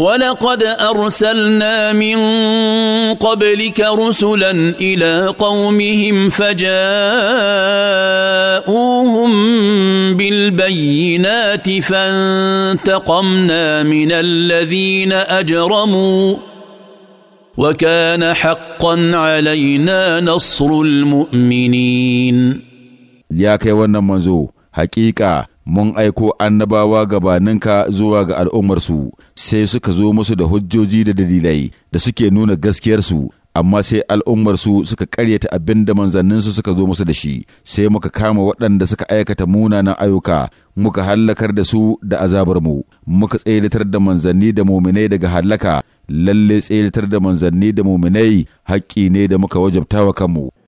ولقد ارسلنا من قبلك رسلا الى قومهم فجاءوهم بالبينات فانتقمنا من الذين اجرموا وكان حقا علينا نصر المؤمنين يا كي منزو حقيقه من ايكو انبا واغبا ننكا زواغ الامرسو sai suka zo musu da hujjoji da dalilai da suke nuna gaskiyarsu amma sai al'ummarsu suka karyata abin da manzanninsu suka zo musu da shi sai muka kama waɗanda suka aikata munanan ayyuka muka hallakar da su da azabarmu muka tsayilatar da manzanni da muminai daga hallaka lalle tsayilatar da manzanni da muminai haƙƙi ne da muka wajabta wa kanmu